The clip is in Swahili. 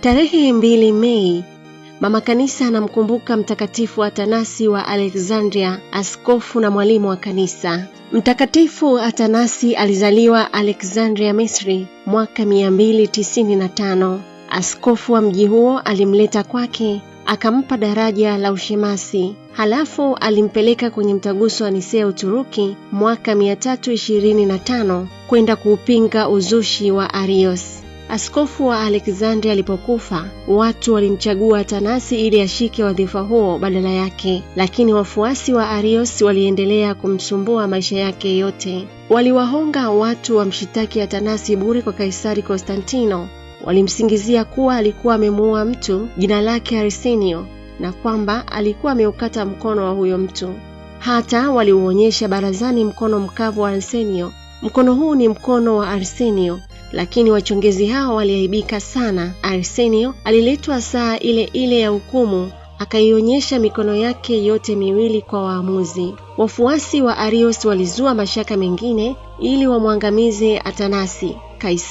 Tarehe mbili Mei, Mama Kanisa anamkumbuka Mtakatifu Atanasi wa Alexandria, askofu na mwalimu wa Kanisa. Mtakatifu Atanasi alizaliwa Alexandria, Misri mwaka 295. Askofu wa mji huo alimleta kwake akampa daraja la ushemasi, halafu alimpeleka kwenye mtaguso wa Nisea Uturuki mwaka 325 kwenda kuupinga uzushi wa Arios. Askofu wa Aleksandria alipokufa, watu walimchagua Atanasi ili ashike wadhifa huo badala yake, lakini wafuasi wa arios waliendelea kumsumbua maisha yake yote. Waliwahonga watu wamshitaki Atanasi bure kwa Kaisari Konstantino. Walimsingizia kuwa alikuwa amemuua mtu jina lake Arsenio na kwamba alikuwa ameukata mkono wa huyo mtu. Hata waliuonyesha barazani mkono mkavu wa Arsenio. Mkono huu ni mkono wa Arsenio lakini wachongezi hao waliaibika sana. Arsenio aliletwa saa ile ile ya hukumu, akaionyesha mikono yake yote miwili kwa waamuzi. Wafuasi wa arios walizua mashaka mengine ili wamwangamize Atanasi. Kaisari